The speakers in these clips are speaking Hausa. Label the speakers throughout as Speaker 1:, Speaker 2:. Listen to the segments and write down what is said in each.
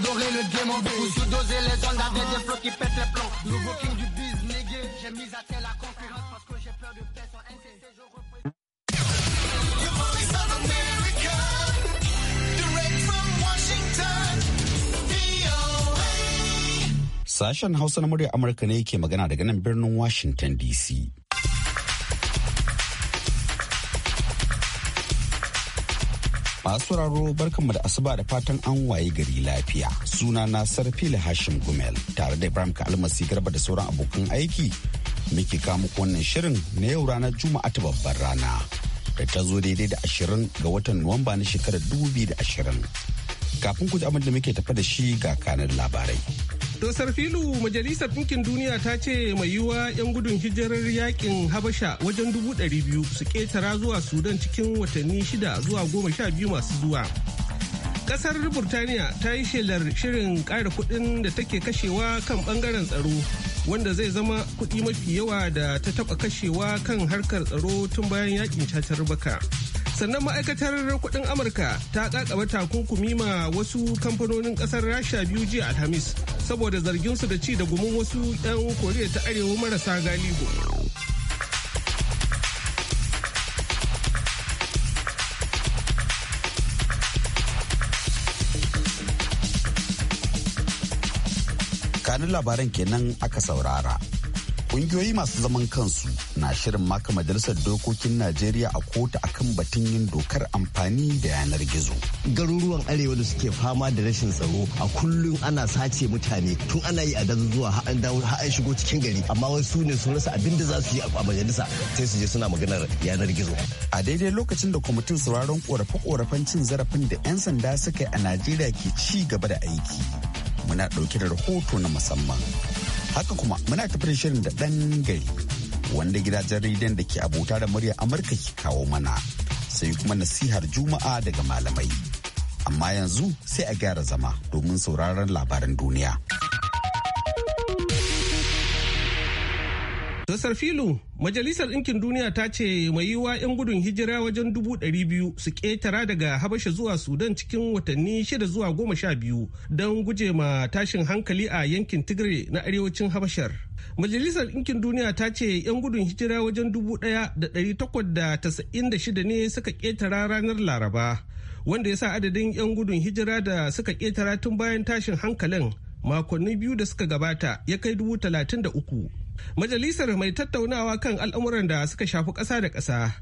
Speaker 1: Dédorer le game en vie. Sous-doser les ondes avec des flots qui pètent les plombs. Nouveau king du biz, négué. J'ai mis à terre la concurrence parce que j'ai peur de pèse en NCC. Je représente. The voice
Speaker 2: Sashen Hausa na murya Amurka ne yake magana daga nan birnin Washington DC. Masu barkan barkanmu da asuba da fatan an waye gari lafiya. Suna na Sarfili Hashim Gumel tare da Ibrahim Kalmasi Garba da sauran abokan aiki. Muke kawo muku wannan shirin na yau ranar Juma'a ta babbar rana. Da ta zo daidai da ashirin ga watan Nuwamba na shekarar dubu biyu da ashirin. Kafin ku ji abin da muke tafa da shi ga kanin labarai.
Speaker 3: Dosar filu Majalisar Ɗinkin Duniya ta ce mai yiwuwa 'yan gudun hijirar yakin Habasha wajen dubu ɗari biyu su ketara zuwa Sudan cikin watanni shida zuwa goma sha biyu masu zuwa. Ƙasar Burtaniya ta yi shelar shirin ƙara kuɗin da take kashewa kan ɓangaren tsaro wanda zai zama kuɗi mafi yawa da ta taɓa kashewa kan harkar tsaro tun bayan yakin cacar baka. sannan ma'aikatar kuɗin amurka ta kakaba takunkumi ma wasu kamfanonin ƙasar rasha biyu jiya alhamis saboda zargin su da ci da gumin wasu 'yan koriya ta arewa marasa galihu
Speaker 2: kanin labaran kenan aka saurara kungiyoyi masu zaman kansu na shirin maka majalisar dokokin najeriya a kotu akan batun yin dokar amfani da yanar gizo garuruwan arewa da suke fama da rashin
Speaker 1: tsaro a kullum ana sace mutane tun ana yi a dazuzuwa har dawo shigo cikin gari amma wasu ne sun rasa abin da za su yi a majalisa sai su je suna maganar yanar gizo
Speaker 2: a daidai lokacin da kwamitin sauraron korafe-korafen cin zarafin da 'yan sanda suka yi a najeriya ke ci gaba da aiki muna ɗauke da rahoto na musamman haka kuma muna tafiyar shirin da ɗan gari wanda gidajen rediyon da ke abota da murya amurka ke kawo mana sai kuma nasihar juma'a daga malamai amma yanzu sai a gyara zama domin sauraron labaran
Speaker 3: duniya. Zasar filu, Majalisar Ɗinkin Duniya ta ce mai yiwuwa 'yan gudun hijira wajen dubu ɗari biyu su ƙetara daga Habasha zuwa Sudan cikin watanni shida zuwa goma sha biyu don guje ma tashin hankali a yankin Tigray na arewacin Habashar. Majalisar Ɗinkin Duniya ta ce 'yan gudun hijira wajen dubu ɗaya da ɗari takwas da tasa'in da shida ne suka ƙetara ranar Laraba, wanda ya sa adadin 'yan gudun hijira da suka ƙetara tun bayan tashin hankalin makonni biyu da suka gabata ya kai dubu talatin da uku. Majalisar mai tattaunawa kan al'amuran da suka shafi ƙasa da ƙasa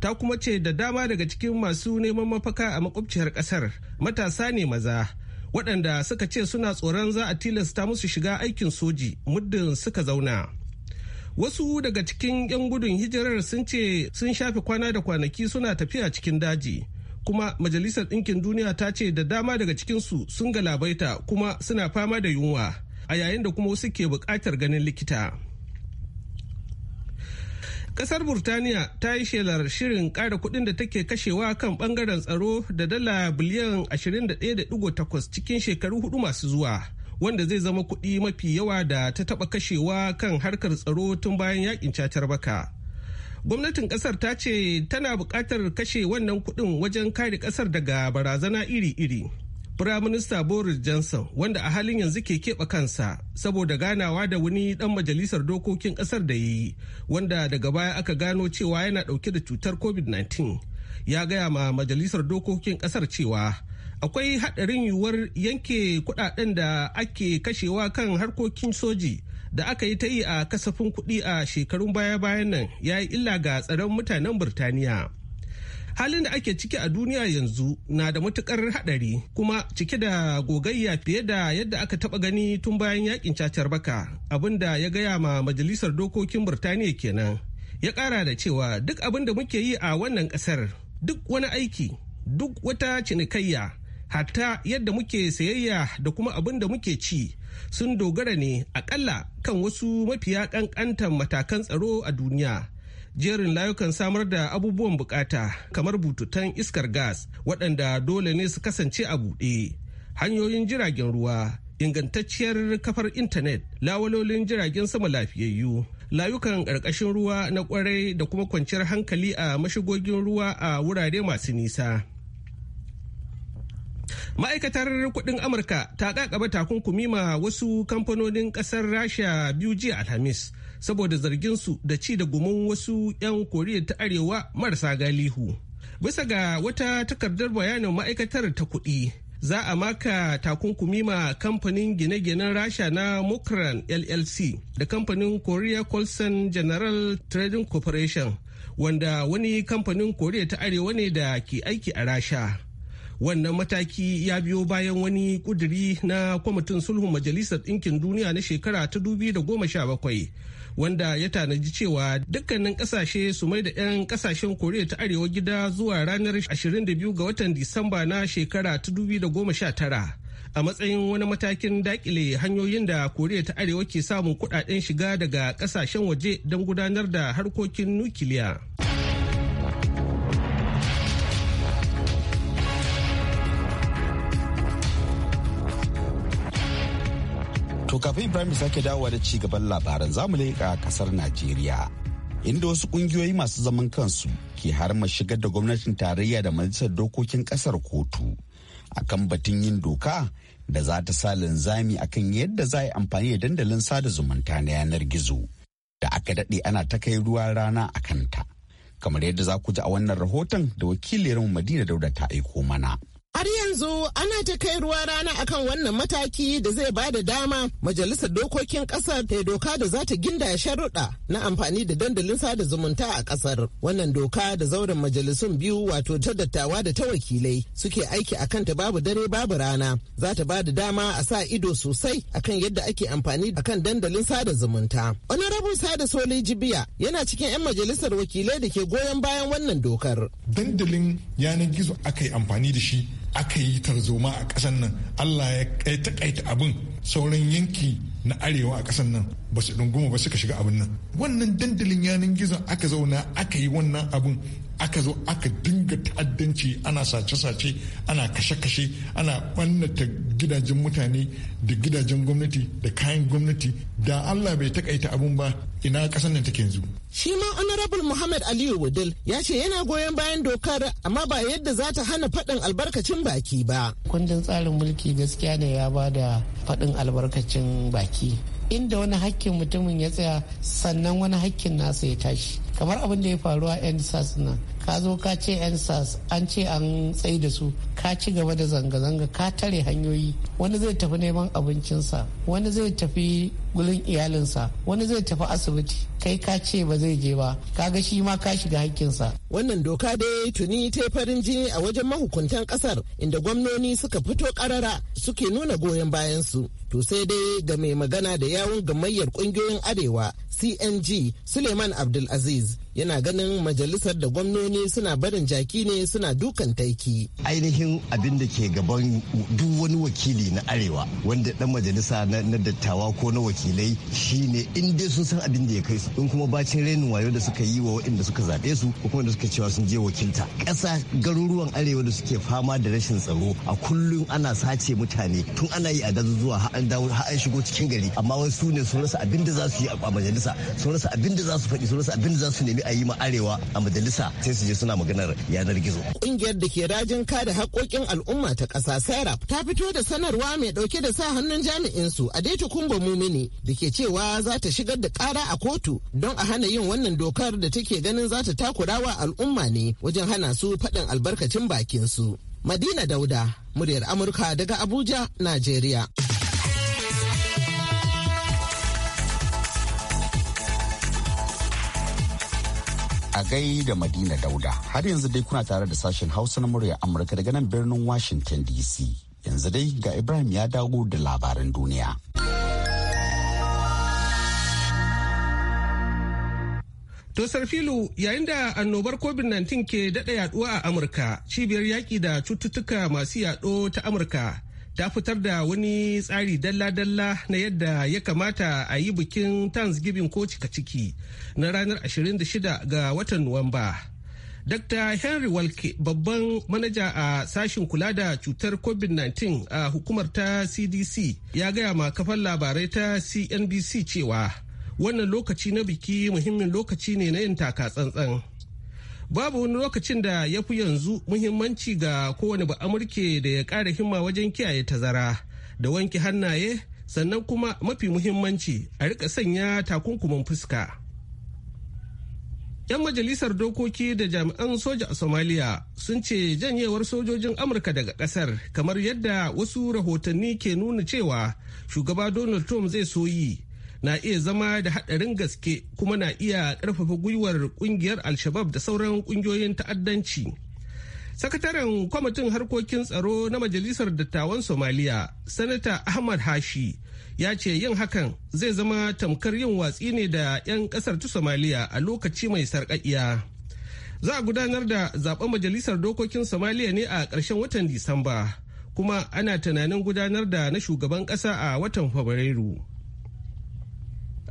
Speaker 3: ta kuma ce da dama daga cikin masu neman mafaka a makwabciyar ƙasar matasa ne maza waɗanda suka ce suna tsoron za a tilasta musu shiga aikin soji muddin suka zauna. Wasu daga cikin 'yan gudun hijirar sun ce sun shafe kwana da kwanaki suna tafiya cikin daji. kuma majalisar ɗinkin duniya ta ce da dama daga cikinsu sun galabaita kuma suna fama da yunwa a yayin da kuma wasu ke buƙatar ganin likita. Kasar Burtaniya ta yi shelar shirin ƙara kuɗin da take kashewa kan ɓangaren tsaro da dala biliyan 21.8 cikin shekaru hudu masu zuwa, wanda zai zama kuɗi mafi yawa da ta taɓa kashewa kan harkar tsaro tun bayan yakin cacar baka. Gwamnatin ƙasar ta ce tana buƙatar kashe wannan kuɗin wajen kare ƙasar daga barazana iri-iri. Firaminista Boris Johnson wanda a halin yanzu ke keɓe kansa saboda ganawa da wani ɗan majalisar dokokin ƙasar da yi wanda daga baya aka gano cewa yana ɗauke da cutar COVID-19 ya gaya ma majalisar dokokin ƙasar cewa akwai haɗarin yiwuwar yanke kuɗaɗen da ake kashewa kan harkokin soji da aka yi ta yi a kasafin kuɗi a shekarun baya-bayan nan ya yi illa ga tsaron mutanen Birtaniya. halin da ake ciki a duniya yanzu na da matukar hadari kuma cike da gogayya fiye da yadda aka taba gani tun bayan yakin cacar baka abin da ya gaya ma majalisar dokokin burtaniya kenan ya kara da cewa duk abin da muke yi a wannan kasar duk wani aiki duk wata cinikayya hatta yadda muke sayayya da kuma abin da muke ci sun dogara ne akalla kan wasu mafiya kankantan matakan tsaro a duniya jerin layukan samar da abubuwan bukata kamar bututan iskar gas waɗanda dole ne su kasance a buɗe hanyoyin jiragen ruwa ingantacciyar kafar intanet lawalolin jiragen sama lafiyayyu layukan ƙarƙashin ruwa na ƙwarai da kuma kwanciyar hankali a mashigogin ruwa a wurare masu nisa ma'aikatar kudin amurka ta kakaba takunkumi ma wasu kamfanonin ƙasar rasha biyu jiya alhamis saboda zarginsu da ci da gumin wasu 'yan koriya ta arewa marasa galihu bisa ga wata takardar bayanin ma'aikatar ta kuɗi za a maka takunkumi ma kamfanin gine-ginen rasha na mukran llc da kamfanin korea colson general trading corporation wanda wani kamfanin koriya ta arewa ne da ke aiki a rasha wannan mataki ya biyo bayan wani kuduri na kwamitin sulhun majalisar ɗinkin duniya na shekara ta 2017 wanda ya tanaji cewa dukkanin kasashe su mai da 'yan kasashen koriya ta arewa gida zuwa ranar 22 ga watan disamba na shekara ta 2019 a matsayin wani matakin dakile hanyoyin da koriya ta arewa ke samun kudaden shiga daga kasashen waje don gudanar da harkokin nukiliya.
Speaker 2: kafin Ibrahim sake dawowa da ci gaban labaran zamu a kasar Najeriya. Inda wasu kungiyoyi masu zaman kansu ke har shigar da gwamnatin tarayya da majalisar dokokin kasar kotu akan batun yin doka da za ta sa linzami akan yadda za a yi amfani da dandalin sada zumunta na yanar gizo da aka daɗe ana ta kai ruwa rana a kanta. Kamar yadda za ku ji a wannan rahoton da wakiliyar Madina Dauda ta aiko mana.
Speaker 1: Har yanzu ana ta kai ruwa rana akan wannan mataki da zai ba da dama majalisar dokokin kasar ta doka da za ta ginda sharuɗa na amfani da dandalin sada zumunta a kasar. Wannan doka da zauren majalisun biyu wato ta dattawa da ta wakilai suke aiki a kanta babu dare babu rana za ta ba da dama a sa ido sosai akan yadda ake amfani a kan dandalin sada zumunta. Wani Honorable Sada Soli Jibiya yana cikin 'yan majalisar wakilai da ke goyon bayan wannan dokar.
Speaker 4: Dandalin yanar gizo aka yi amfani da shi aka yi tarzoma a ƙasar nan allah ya taƙaita abin sauran yanki na arewa a kasan nan ba su dunguma ba suka shiga abin nan wannan dandalin yanan gizon aka zauna aka yi wannan abun aka zo aka dinga ta'addanci ana sace-sace ana kashe-kashe ana bannata gidajen mutane da gidajen gwamnati da kayan gwamnati da allah bai takaita abun ba ina kasan nan take yanzu
Speaker 1: shi ma honorable muhammad aliyu wudil ya ce yana goyon bayan dokar amma ba yadda za ta hana faɗin albarkacin baki ba
Speaker 4: kundin tsarin mulki gaskiya ne ya ba da faɗin albarkacin baki haƙƙi inda wani haƙƙin mutumin ya tsaya sannan wani haƙƙin nasa ya tashi kamar abin da ya faru a ensas nan ka zo ka ce ensas an ce an tsaye da su ka ci gaba da zanga-zanga ka tare hanyoyi wani zai tafi neman abincinsa wani zai tafi gurin iyalinsa wani zai tafi asibiti kai ka ce ba zai je ba kaga shi ma ka shiga hakkinsa
Speaker 1: wannan doka dai tuni ta farin jini a wajen mahukuntan kasar inda gwamnoni suka fito karara suke nuna goyon bayansu su to sai dai ga mai magana da yawun gamayyar kungiyoyin arewa cng suleiman abdulaziz yana ganin majalisar da gwamnoni suna barin jaki ne suna dukan taiki.
Speaker 4: Ainihin abin da ke gaban duk wani wakili na arewa wanda dan majalisa na, dattawa ko na wakilai shine in dai sun san abin da ya kai su in kuma bacin renin wayo da suka yi wa waɗanda suka zaɓe su ko kuma da suka cewa sun je wakilta. Ƙasa garuruwan arewa da suke fama da rashin tsaro a kullum ana sace mutane tun ana yi a dazuzuwa har an dawo har an shigo cikin gari amma wasu ne sun rasa abin da za su yi a majalisa sun rasa abin da za su faɗi sun rasa abin da za su nemi bi a yi ma arewa a majalisa sai su je suna maganar yanar gizo.
Speaker 1: Ƙungiyar da ke rajin kada haƙoƙin al'umma ta ƙasa Sarah ta fito da sanarwa mai ɗauke da sa hannun jami'in su a daita kumba mumini da ke cewa za ta shigar da ƙara a kotu don a hana yin wannan dokar da take ganin za ta takurawa al'umma ne wajen hana su faɗin albarkacin bakin su. Madina Dauda, muryar Amurka daga Abuja, Najeriya.
Speaker 5: a gai
Speaker 2: da Madina Dauda. Har yanzu dai kuna tare da sashen Hausa na murya Amurka daga nan birnin Washington DC. Yanzu dai ga Ibrahim
Speaker 3: ya dawo da labaran duniya. Tosar filu yayin da annobar COVID-19 ke daɗa yaduwa a Amurka, cibiyar yaƙi da cututtuka masu yaɗo ta Amurka ta fitar da wani tsari dalla-dalla na yadda ya kamata a yi bikin Thanksgiving ko cika ciki na ranar 26 ga watan Nuwamba. Dr. Henry Walke babban manaja a sashin kula da cutar COVID-19 a hukumar ta CDC ya gaya ma kafan labarai ta CNBC cewa wannan lokaci na biki muhimmin lokaci ne na yin taka tsantsan. babu wani lokacin da ya fi yanzu muhimmanci ga kowane ba amurke da ya ƙara himma wajen kiyaye tazara da wanke hannaye sannan kuma mafi muhimmanci a rika sanya takunkuman fuska. 'Yan majalisar dokoki da jami'an soja a Somalia sun ce janyewar sojojin Amurka daga kasar kamar yadda wasu rahotanni ke nuna cewa shugaba Donald Trump zai soyi na iya zama da haɗarin gaske kuma na iya ƙarfafa gwiwar ƙungiyar alshabab da sauran ƙungiyoyin ta'addanci. Sakataren kwamitin harkokin tsaro na Majalisar Dattawan Somaliya, Sanata Ahmad Hashi, ya ce yin hakan zai zama tamkar yin watsi ne da 'yan ƙasar ta Somaliya a lokaci mai sarƙaƙiya. Za a gudanar da zaben Majalisar Dokokin Somaliya ne a ƙarshen watan Disamba, kuma ana tunanin gudanar da na shugaban ƙasa a watan Fabrairu.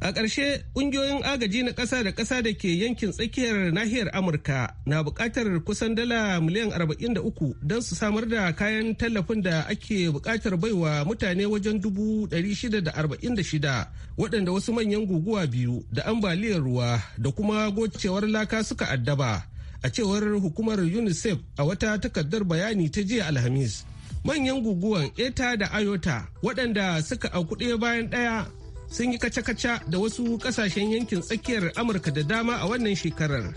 Speaker 3: A ƙarshe ƙungiyoyin agaji na ƙasa da ƙasa da ke yankin tsakiyar nahiyar Amurka na buƙatar kusan dala miliyan 43 don su samar da kayan tallafin da ake buƙatar baiwa mutane wajen 646 waɗanda wasu manyan guguwa biyu da ambaliyar ruwa da kuma gocewar laka suka addaba a cewar hukumar UNICEF a wata takardar bayani ta jiya Alhamis. Manyan guguwan ETA da ayota waɗanda suka auku ɗaya bayan ɗaya sun yi kaca-kaca da wasu kasashen yankin tsakiyar amurka da dama a wannan shekarar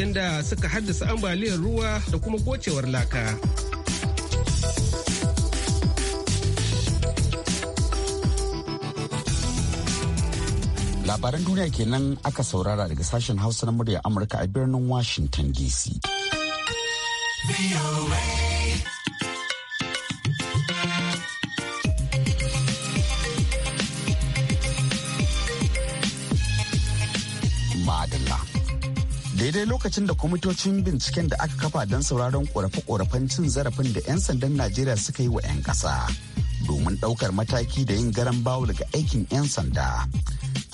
Speaker 3: inda suka haddasa ambaliyar ruwa da kuma gocewar laka labaran duniya kenan
Speaker 2: aka saurara daga sashen hausa na murya amurka a birnin washington dc daidai lokacin da kwamitocin binciken da aka kafa don sauraron korafe-korafen cin zarafin da 'yan sandan najeriya suka yi wa 'yan ƙasa domin ɗaukar mataki da yin garan bawul ga aikin 'yan sanda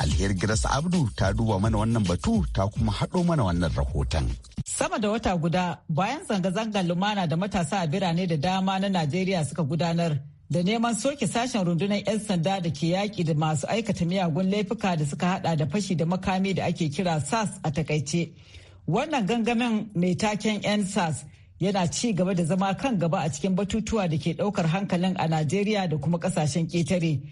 Speaker 2: alher giras abdu ta duba mana wannan batu ta kuma haɗo mana wannan rahoton
Speaker 6: sama da wata guda bayan zanga-zangar lumana da matasa a birane da dama na najeriya suka gudanar da neman soke sashen rundunar 'yan sanda da ke yaƙi da masu aikata miyagun laifuka da suka hada da fashi da makami da ake kira sas a takaice Wannan gangamin mai taken NSAS yana ci gaba da zama kan gaba a cikin batutuwa da ke daukar hankalin a Najeriya da kuma kasashen ketare.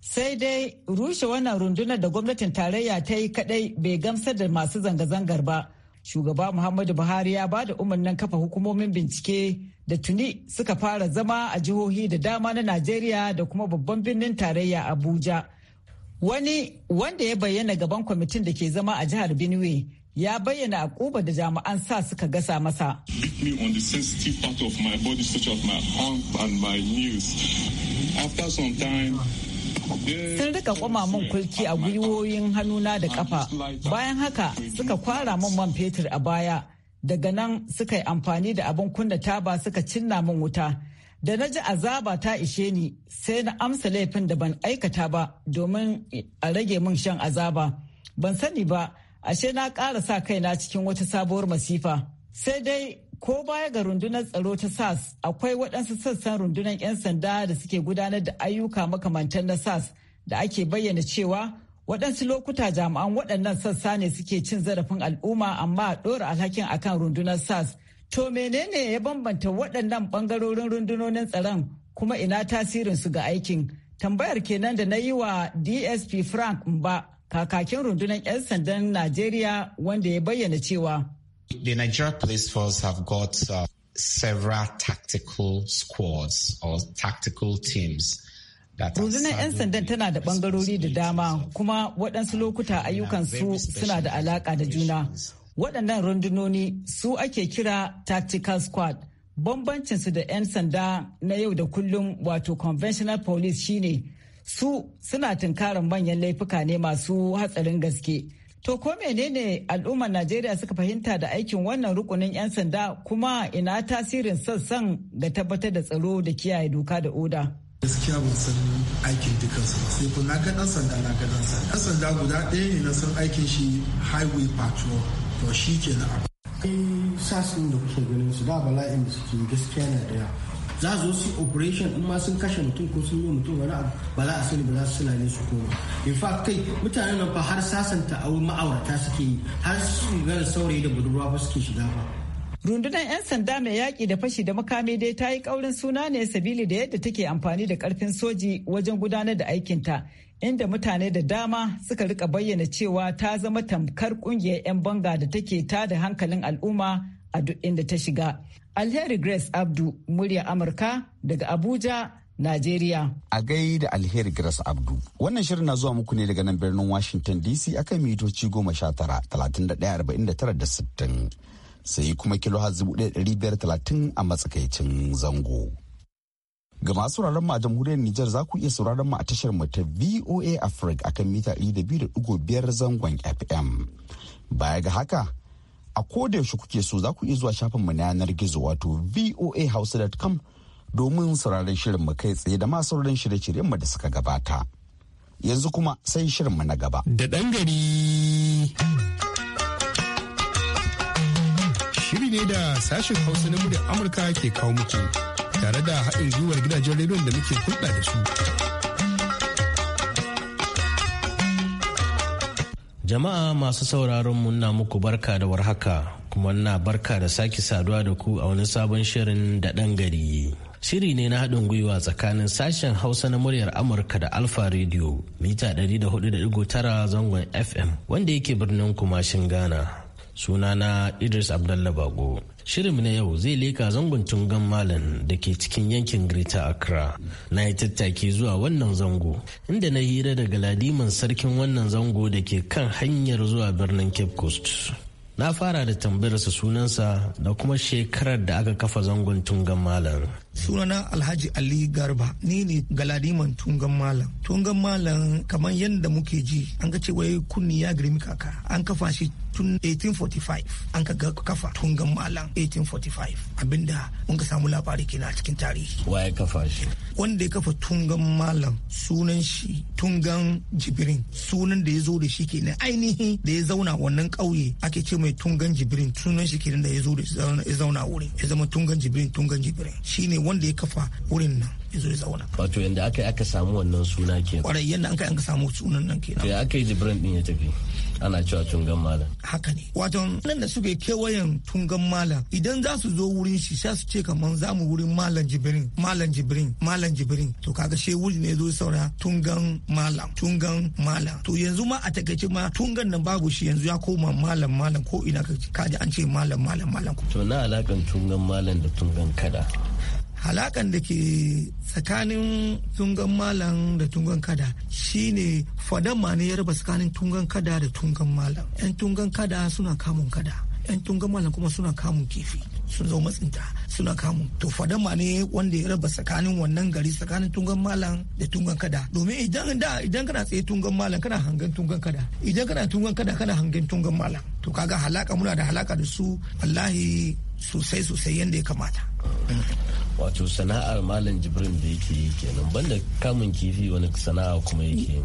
Speaker 6: Sai dai rushe wannan rundunar da gwamnatin tarayya ta yi kadai bai gamsar da masu zanga-zangar ba. Shugaba Muhammadu Buhari ya ba da umarnin kafa hukumomin bincike da tuni suka fara zama a jihohi da dama na Najeriya da kuma babban birnin tarayya Abuja. Wani wanda ya bayyana gaban kwamitin da ke zama a jihar Benue ya bayyana a ƙuba da jami'an sa suka gasa masa. Sun rika kwama min kulki a gwiwoyin hannuna da kafa. Bayan haka suka kwara min man fetur a baya. Daga nan suka yi amfani da abin kunna taba suka cinna min wuta. Da na ji azaba ta ishe ni sai na amsa laifin da ban aikata ba domin a rage min shan azaba. Ban sani ba ashe na ƙara sa kaina cikin wata sabuwar masifa. Sai dai ko baya ga rundunar tsaro ta SAS akwai waɗansu sassan rundunar 'yan sanda da suke gudanar da ayyuka makamantan na SAS da ake bayyana cewa waɗansu lokuta jami'an waɗannan sassa ne suke cin zarafin al'umma amma ɗora alhakin akan rundunar SAS. To menene ya bambanta waɗannan ɓangarorin rundunonin tsaron kuma ina tasirinsu ga aikin? Tambayar kenan da na yi wa DSP Frank Mba kakakin rundunar 'yan sandan Najeriya wanda ya bayyana cewa.
Speaker 2: The Nigeria Police Force have got uh, several tactical squads or tactical teams.
Speaker 6: Rundunar 'yan sandan tana da bangarori da dama kuma waɗansu lokuta ayyukansu suna da alaƙa da juna. Waɗannan rundunoni su ake kira tactical squad. Bambancinsu da 'yan sanda na yau da kullum wato conventional police shine su suna tunkarin manyan laifuka ne masu hatsarin gaske. To ko menene al'ummar Najeriya suka fahimta da aikin wannan rukunin 'yan sanda kuma ina tasirin sassan ga tabbatar da tsaro da kiyaye doka da oda.
Speaker 2: gaskiya ban san aikin dukansu ba sai ko na ga dan sanda na ga dan sanda dan sanda guda ɗaya ne na san aikin
Speaker 7: shi highway patrol to shi ke na abu sasin da kuke ganin su da bala'in da suke gaskiya na da yawa za su su operation in ma sun kashe mutum ko sun yi mutum wani abu ba za a sani ba za su sulane su koma in fact kai mutanen nan fa har sasanta ma'aurata suke yi har su magana saurayi da budurwa ba suke shiga ba
Speaker 6: rundunar 'yan sanda mai yaƙi da fashi da makami dai ta yi ƙaurin suna ne sabili da yadda take amfani da ƙarfin soji wajen gudanar da aikinta inda mutane da dama suka rika bayyana cewa ta zama tamkar ƙungiyar 'yan banga da take ta da hankalin al'umma a duk inda ta shiga. Alheri Grace Abdu, murya Amurka daga Abuja, Najeriya. A
Speaker 2: gai da Alheri Grace Abdu. Wannan shirin na zuwa muku ne daga nan birnin Washington DC akan mitoci goma sha tara, talatin da ɗaya arba'in da tara da sittin. Sai kuma kilo hazibu ɗaya ɗari biyar talatin a matsakaicin zango. Ga masu sauraron mu a jamhuriyar Nijar za ku iya sauraron mu a tashar mu ta VOA Africa akan mita ɗari da biyu da ɗigo biyar zangon FM. Baya ga haka, a koda yaushe kuke so za ku iya zuwa shafin mu na yanar gizo wato voahouse.com domin sauraron shirin mu kai tsaye da ma sauran shirye-shiryen mu da suka gabata. Yanzu kuma sai shirin mu na gaba. Da ɗan gari. Shiri ne da sashen Hausa na
Speaker 7: muryar Amurka ke kawo muku tare da haɗin gwiwar gidajen rediyon da muke hulɗa da su. Jama'a masu sauraron muna muku barka da warhaka kuma na barka da sake saduwa da ku a wani sabon shirin da ɗan gari. Shiri ne na haɗin gwiwa tsakanin sashen Hausa na muryar Amurka da Alfa Radio mita 104.9 zangon FM wanda yake birnin Kumashin Ghana. Sunana Idris Abdallah Bago. Shirin na yau zai leka zangon tungan malam da ke cikin yankin Greater Accra. Na yi tattaki zuwa wannan zango, inda na hira daga ladiman sarkin wannan zango da ke kan hanyar zuwa birnin Cape Coast. Na fara da tambayarsa sunansa da kuma shekarar da aka kafa zangon tungan malam. sunana alhaji ali garba
Speaker 4: ni ne galadiman tungan malam tungan malam kamar yadda muke ji an ga cewa kunni ya girmi kaka an kafa shi tun 1845 an ka kafa tungan malam 1845 abinda mun ka samu labari kina a cikin tarihi wa ya kafa shi wanda ya kafa tungan malam sunan shi tungan jibrin sunan da ya zo da shi kenan ainihi da ya zauna wannan kauye ake ce mai tungan jibrin sunan shi kenan da ya zo da ya zauna wurin ya zama tungan jibirin tungan jibirin shine wanda ya kafa wurin nan ya zo
Speaker 7: ya zauna. Wato yadda aka yi aka
Speaker 4: samu wannan suna ke. Kwarai yadda aka yi aka samu sunan nan kenan. Ya
Speaker 7: aka yi jibrin din ya tafi. Ana cewa tungan malam.
Speaker 4: Haka ne. Wato nan da suke kewayen tungan malam idan za su zo wurin shi sai su ce kaman za mu wurin malam jibrin malam jibrin malam jibrin to kaga she wuri ne zo saura tungan malam tungan malam to yanzu ma a takaice ma tungan nan babu shi yanzu ya koma malam malam ko ina ka ji an ce malam malam malam.
Speaker 7: To na alakan tungan malam da tungan kada.
Speaker 4: halakan da ke tsakanin tungan malam da tungan kada shine fadan ya raba tsakanin tungan kada da tungan malam yan tungan kada suna kamun kada yan tungan malam kuma suna kamun kifi sun zo matsinta suna kamun to fadan ma ne wanda ya raba tsakanin wannan gari tsakanin tungan malam da tungan kada domin idan da idan kana tsaye tungan malam kana hangen tungan kada idan kana tungan kada kana hangen tungan malam to kaga halaka muna da halaka da su wallahi sosai sosai yadda ya kamata wato sana'ar malam jibrin da yake yi kenan banda kamun
Speaker 7: kifi wani sana'a kuma yake yi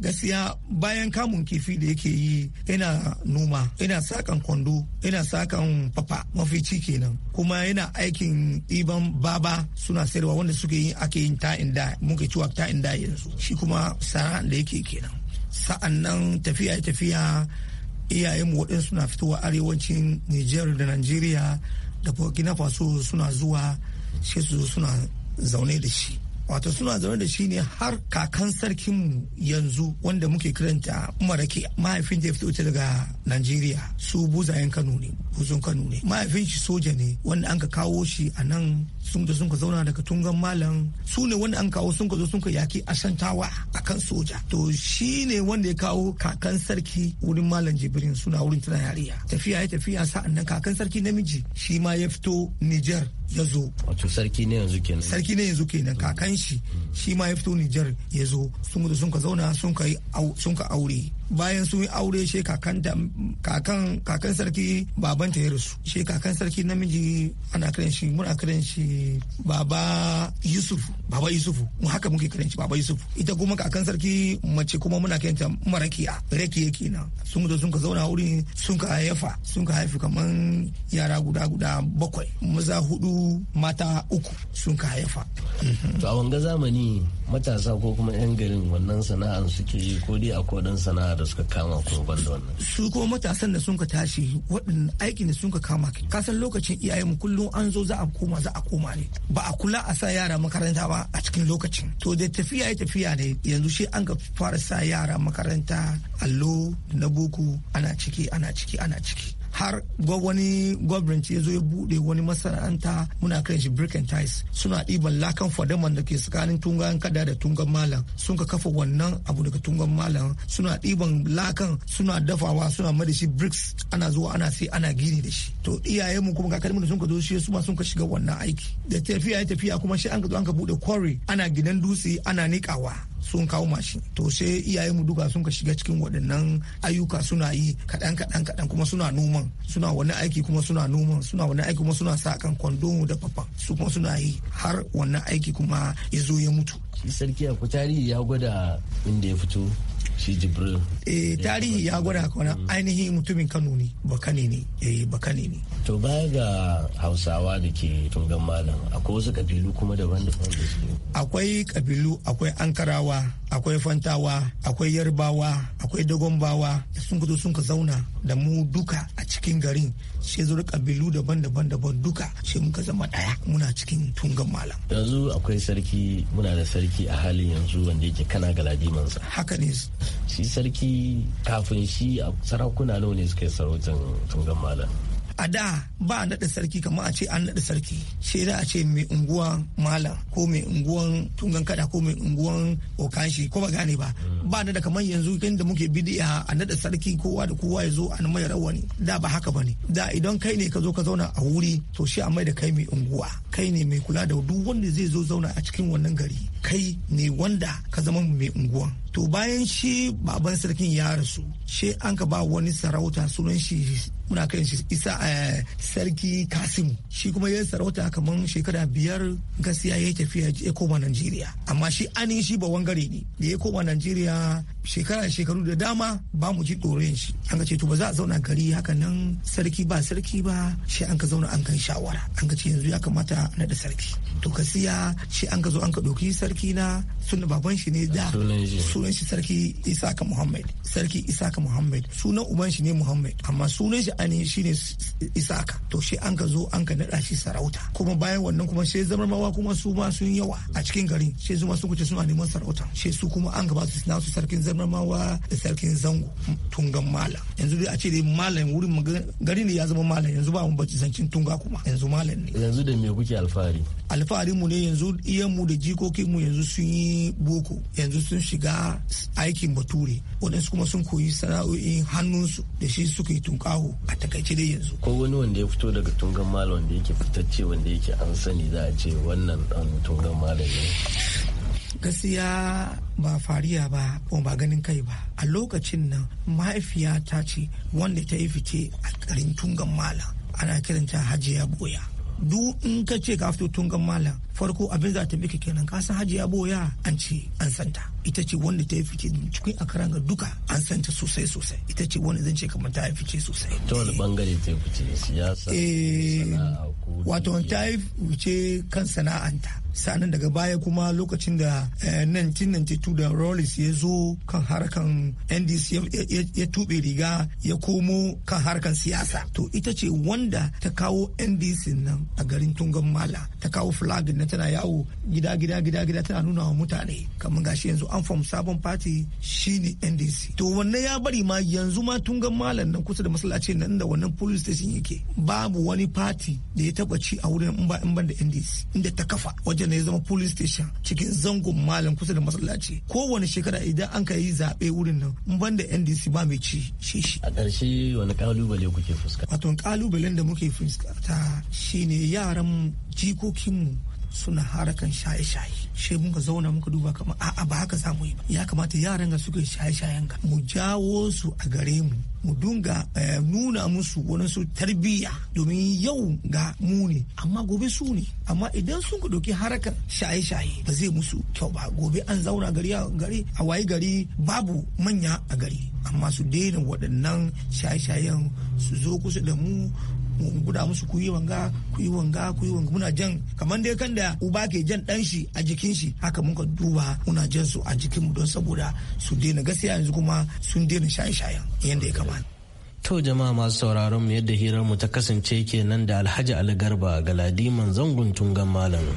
Speaker 4: gaskiya bayan kamun kifi da yake yi yana noma yana sakan kwando yana sakan papa mafici kenan kuma yana aikin ɗiban baba suna sayarwa wanda suke yi ake yin ta'in da muke cewa ta'in da yanzu shi kuma sana'ar da yake kenan sa'an nan tafiya tafiya iyayenmu waɗansu na fitowa arewacin Nijar da Najeriya da burkina faso suna zuwa sai su suna zaune da shi wato suna zaune da shi ne har kakan sarkinmu yanzu wanda muke kiranta umarake mahaifin da ya fito daga najeriya su buzayen kano ne buzun kano ne mahaifin shi soja ne wanda an ka kawo shi a nan sun da sun ka zauna daga tungan malam su ne wanda an kawo sun ka zo sun ka yaki a shantawa a kan soja to shi ne wanda ya kawo kakan sarki wurin malam jibrin suna wurin tana yariya tafiya ya tafiya sa'an nan kakan sarki namiji shi ma ya fito niger ya zo wato sarki ne yanzu kenan sarki ne yanzu kenan kakan shi hmm. shi ma ya fito niger ya zo sun da sun ka zauna sun ka aure bayan sun yi aure she kakan kakan sarki baban ta ya rasu she kakan sarki namiji ana kiran shi muna kiran shi baba Yusuf baba Yusuf mu haka muke kiran shi baba Yusuf ita kuma kakan sarki mace kuma muna kiran ta marakiya rakiya kenan sun zo sun ka zauna wurin sun ka haifa sun ka haifi kaman yara guda guda bakwai maza hudu mata uku sun ka haifa mhm. to a wanga zamani matasa
Speaker 7: ko kuma yan garin wannan su suke yi ko dai a dan sana'ar da suka kama ko ban da wannan
Speaker 4: su ko matasan da sun ka tashi waɗannan aikin da sun ka kama ka san lokacin iyayenmu kullum an zo za a koma za a koma ne ba a kula a sa yara makaranta ba a cikin lokacin to da tafiya ya tafiya ne yanzu shi an ka fara sa yara makaranta allo na boko ana ciki ana ciki ana ciki har wani gwamnati ya zo ya bude wani masana'anta muna kan shi brick and ties suna ɗiban lakan fadaman da ke tsakanin tungan kada da tungan malam sun ka kafa wannan abu daga tungan malam suna ɗiban lakan suna dafawa suna mada shi bricks ana zuwa ana sai ana gini da shi to iyayen mu kuma kakarmu da sun ka zo shi su ma sun ka shiga wannan aiki da tafiya ya tafiya kuma shi an ka zo an ka bude quarry ana gidan dutse ana niƙawa sun kawo mashin to sai iyayen mu duka sun ka shiga cikin waɗannan ayyuka suna yi kaɗan kaɗan kaɗan kuma suna noma noman suna wani aiki kuma suna noman suna wani aiki kuma suna sa kan kwando da papa su kuma suna yi har wannan aiki kuma ya zo ya mutu shi sarki a tarihi ya gwada
Speaker 7: inda ya fito shi jibril eh tarihi ya gwada kuma mm.
Speaker 4: ainihin mutumin kano ne bakane ne eh bakane ne
Speaker 7: to baya ga hausawa da
Speaker 4: ke tungan malam akwai wasu kabilu kuma daban-daban da su akwai kabilu akwai ankarawa akwai fantawa akwai yarbawa akwai dogonbawa da sun fito sun ka zauna da mu duka a cikin garin sai zuru kabilu daban-daban daban duka sai muka zama daya muna cikin tungan malam
Speaker 7: yanzu akwai sarki muna da sarki a halin yanzu wanda yake kana ladimansa haka ne shi sarki kafin shi sarakuna
Speaker 4: nawa ne suka yi sarautan tungan malam a da ba a naɗa sarki kamar a ce an naɗa sarki sai da a ce mai unguwan malam ko mai unguwan tungan kada ko mai unguwan okanshi ko ba gane ba ba na da kamar yanzu da muke bidiya a naɗa sarki kowa da kowa ya zo a mai rawani da ba haka ba ne. da idan kai ne ka zo ka zauna a wuri to shi a mai da kai mai unguwa kai ne mai kula da duk wanda zai zo zauna a cikin wannan gari kai ne wanda ka zama mai unguwa to bayan shi baban sarkin ya rasu shi an ka ba wani sarauta sunan shi muna kan shi isa eh, sarki kasim shi kuma ya sarauta kamar shekara biyar gaskiya ya tafiya ya koma najeriya amma shi anin shi ba wangare ne da ya koma najeriya shekara da shekaru da dama ba mu ji ɗorin shi an ka ce to ba za a zauna gari haka nan sarki ba sarki ba shi an ka zauna an kai shawara an ka ce yanzu ya kamata na da sarki to ka siya shi an ka zo an ka ɗauki sarki na sunan baban shi ne da sunan shi sarki isaka muhammad sarki isaka muhammad sunan uban shi ne muhammad amma sunan shi Ani shi ne isaka to shi an ka zo an ka naɗa shi sarauta kuma bayan wannan kuma shi zamar mawa kuma su ma sun yawa a cikin garin shi zuma sun kuce suna neman sarauta shi su kuma an ka ba su sarkin zamar adamawa da sarkin zango tungan malam yanzu dai a ce dai malam wurin gari ne ya zama malam yanzu ba mu bacci sancin tunga kuma yanzu malam ne yanzu
Speaker 7: da me kuke alfahari
Speaker 4: alfahari mu ne yanzu iyan mu da jikokin mu yanzu sun yi boko yanzu sun shiga aikin bature waɗansu kuma sun koyi sana'o'in hannunsu da shi suka yi tunkaho
Speaker 7: a takaice dai yanzu ko wani wanda ya fito daga tungan malam wanda yake fitacce wanda yake an sani za a ce wannan dan tungan malam ne
Speaker 4: gaskiya ba fariya ba ko ba ganin kai ba a lokacin nan mahaifiya ta ce wanda ta yi fice a karin tungan mala ana kiranta hajiya boya duk in ka ce ka fito tungan mala farko abin za ta miki kenan ka san hajiya boya an ce an santa ita ce wanda ta yi fice cikin a karanga duka an santa sosai sosai ita ce wanda zan ce kamar ta yi fice sosai
Speaker 7: ta wani bangare ta yi fice siyasa
Speaker 4: eh, wato ta yi fice kan sana'anta sanan daga baya kuma lokacin da 1992 eh, da rawlins ya zo kan harkan ndc ya tuɓe riga ya komo kan harkan siyasa to ita ce wanda ta kawo ndc nan a garin tungan mala ta kawo flag na tana yawo gida gida gida gida tana nuna wa mutane kamar gashi yanzu an fam sabon party shine ndc to wannan ya bari ma yanzu ma tungan malam nan kusa da masallaci nan da wannan police station yake babu wani party da ya taba ci a wurin in ban da ndc inda ta kafa waje aje ne ya zama police station cikin zangon malam kusa da masallaci kowane shekara idan an ka yi zaɓe wurin nan in ban da ndc ba mai ci shi shi a ƙarshe wani ƙalubale kuke fuskanta wato ƙalubalen da muke fuskanta shine yaran jikokinmu suna harakan shaye-shaye she muka zauna muka duba kamar a'a ba haka zamu yi ba ya kamata yaran ga suka shaye-shayen ga mu jawo su a gare mu mu dunga eh, nuna musu wani su tarbiyya domin yau ga mu ne amma gobe su ne amma idan sun ku doki harakan shaye-shaye ba zai musu kyau ba gobe an zauna gari a waye gari babu manya a gari amma su daina waɗannan shaye-shayen su zo kusa da mu mu guda musu ku yi wanga ku yi wanga ku yi wanga muna jan kamar dai kan da uba ke jan dan shi a jikin shi haka muka duba muna jan su a jikin mu don saboda su daina gaskiya yanzu kuma sun daina shaye-shayen yadda ya kamata
Speaker 7: To jama'a masu sauraron mu yadda hirar mu ta kasance kenan da Alhaji Ali Garba ladiman zangon tungan malamin.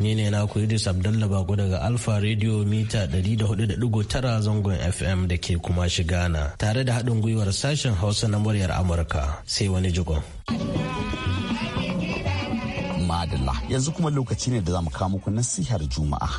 Speaker 7: Ni ne na Idris Abdalla bako daga Alfa Radio mita 104.9 zangon FM da ke kuma shigana tare da haɗin gwiwar sashen Hausa na muryar Amurka sai wani jigon.
Speaker 2: Madalla yanzu kuma lokaci ne da za mu kawo muku nasihar Juma'a.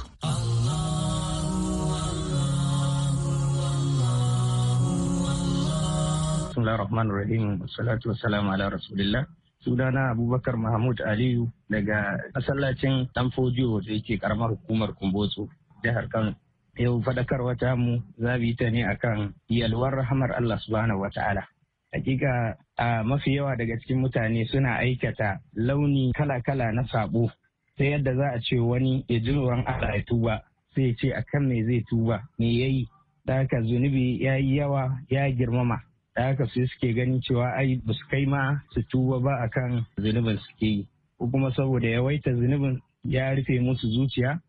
Speaker 5: Bismillahir Rahmanir Rahim. Salatu wassalamu ala Rasulillah. sunana abubakar mahmud aliyu daga masallacin danfodiyo da yake karamar hukumar kumbotso jihar kano yau faɗakarwa ta mu za mu ta ne akan yalwar rahamar allah subhanahu wataala hakika a mafi yawa daga cikin mutane suna aikata launi kala-kala na sabo ta yadda za a ce wani ya ji ruwan allah ya tuba sai ya ce akan me zai tuba me yayi da haka zunubi ya yi yawa ya girmama da haka su suke ganin cewa ai ba su kai ma su tuba ba akan zunubin suke yi ko kuma saboda yawaita zunubin ya rufe musu zuciya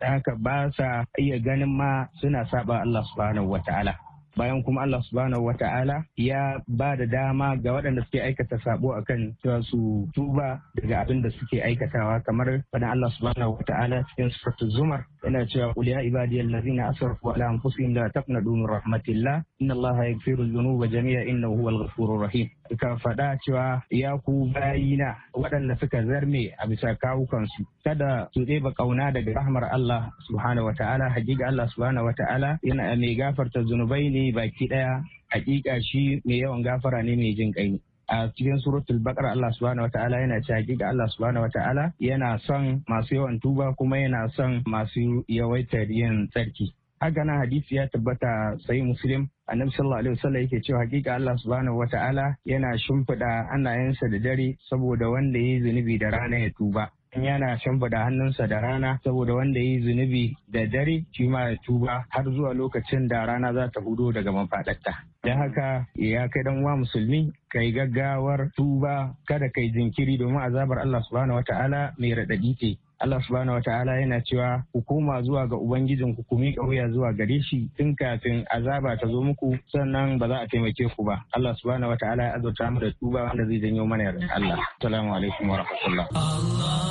Speaker 5: da haka ba sa iya ganin ma suna saba Allah subhanahu wataala bayan kuma Allah subhanahu wa ta'ala ya ba da dama ga waɗanda suke aikata sabo akan cewa su tuba daga abin da suke aikatawa kamar bana Allah subhanahu wa ta'ala cikin suratul zumar yana cewa qul ya ibadiyallazina asrafu ala anfusihim la taqnatu min rahmatillah inna Allah yaghfiru dhunuba jami'a innahu huwal ghafurur rahim ka faɗa cewa ya ku bayina waɗanda suka zarme a bisa kawukansu kada su ɗeba ƙauna daga rahmar Allah subhanahu wa ta'ala hakika Allah subhanahu wa ta'ala yana mai gafarta zunubai ne baki daya hakika shi mai yawan gafara ne mai jin kai a cikin suratul baƙar Allah subhanahu wataala yana ce hakika Allah subhanahu wataala yana son masu yawan tuba kuma yana son masu yawaitar yin tsarki haka nan hadisi ya tabbata sai muslim annabi sallallahu alaihi wasallam yake cewa hakika Allah subhanahu wataala yana shimfiɗa hannayensa da dare saboda wanda ya yi zunubi da rana ya tuba yana da hannunsa da rana saboda wanda yi zunubi da dare shi ma ya tuba har zuwa lokacin da rana za ta hudu daga mafaɗarta. Don haka ya kai dan wa musulmi kai gaggawar tuba kada kai jinkiri domin azabar Allah subhanahu wata'ala mai raɗaɗi ce. Allah subhanahu wa ta'ala yana cewa ku koma zuwa ga Ubangijin ku kumi ƙauya zuwa gare shi tun kafin azaba ta zo muku sannan ba za a taimake ku ba. Allah subhanahu wa ta'ala ya azurta mu da tuba wanda zai janyo mana yarda Allah. Assalamu alaikum wa rahmatullah.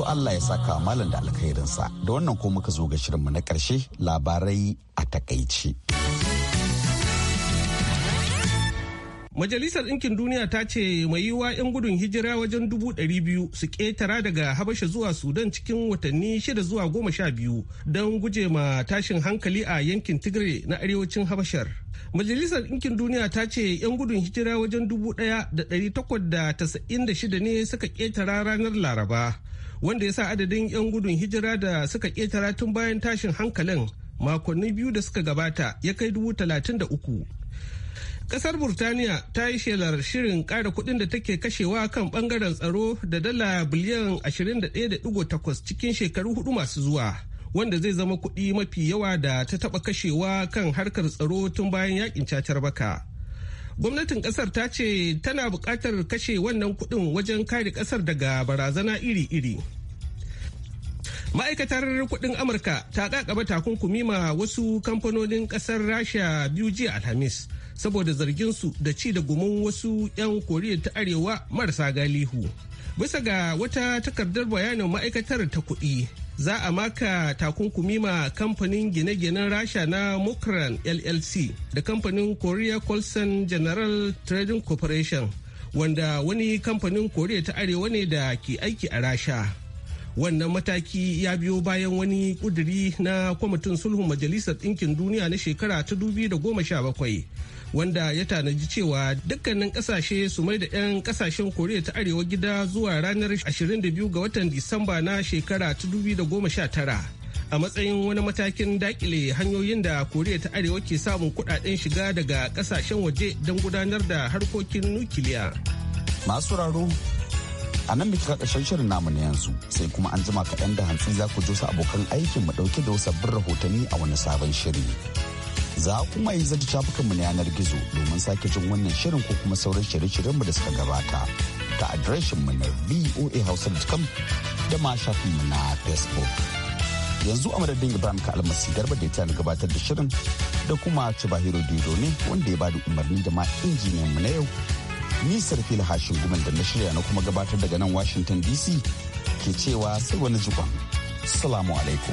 Speaker 5: To Allah ya saka malam da alkhairinsa. Da
Speaker 2: wannan ko muka zo ga shirinmu na ƙarshe labarai a takaici.
Speaker 3: Majalisar Ɗinkin Duniya ta ce mai yiwuwa 'yan gudun hijira wajen dubu ɗari biyu su ƙetara daga Habasha zuwa Sudan cikin watanni shida zuwa goma sha biyu don guje ma tashin hankali a yankin Tigray na arewacin Habashar. Majalisar Ɗinkin Duniya ta ce 'yan gudun hijira wajen dubu ɗaya da ɗari takwas da tasa'in da shida ne suka ƙetara ranar Laraba wanda ya sa adadin 'yan gudun hijira da suka ƙetara tun bayan tashin hankalin makonni biyu da suka gabata ya kai dubu talatin da uku. Kasar Burtaniya ta yi shelar shirin kara kuɗin da take kashewa kan bangaren tsaro da dala biliyan 21.8 cikin shekaru hudu masu zuwa. Wanda zai zama kuɗi mafi yawa da ta taɓa kashewa kan harkar tsaro tun bayan yakin cacar baka. gwamnatin kasar ta ce tana bukatar kashe wannan kudin wajen kare kasar daga barazana iri-iri ma'aikatar kuɗin amurka ta ƙaƙaba takunkumi ma wasu kamfanonin ƙasar rasha biyu jiya alhamis saboda zarginsu da ci da gumin wasu 'yan koriya ta arewa marasa galihu bisa ga wata takardar bayanin ma'aikatar ta kuɗi za a maka takunkumi ma kamfanin gine-ginen rasha na mukran llc da kamfanin korea colson general trading corporation wanda wani kamfanin korea ta arewa ne da ke aiki a rasha wannan mataki ya biyo bayan wani kuduri na kwamitin sulhun majalisar ɗinkin duniya na shekara ta da goma sha bakwai wanda ya tanaji cewa dukkanin kasashe su mai da 'yan ƙasashen koriya ta arewa gida zuwa ranar 22 ga watan disamba na shekara ta tara a matsayin wani matakin dakile hanyoyin da koriya ta arewa ke samun kudaden shiga daga kasashen waje don gudanar da harkokin nukiliya masu raro
Speaker 2: a nan kika ƙarshen shirin namu na yanzu sai kuma an jima kaɗan da hantsi za ku josa abokan aikin mu ɗauke da sabbin rahotanni a wani sabon shiri za ku kuma yi zaji mu na yanar gizo domin sake jin wannan shirin ko kuma sauran shirye mu da suka gabata ta mu na Hausa da ma shafinmu na facebook yanzu a madadin ibrahim ka almasi garba da ta gabatar da shirin da kuma cibahiro dido ne wanda ya bada umarni da ma injiniyan mu na yau ni sarfi hashin gumal da na shirya na kuma gabatar daga nan washington dc ke cewa sai wani jikon salamu alaikum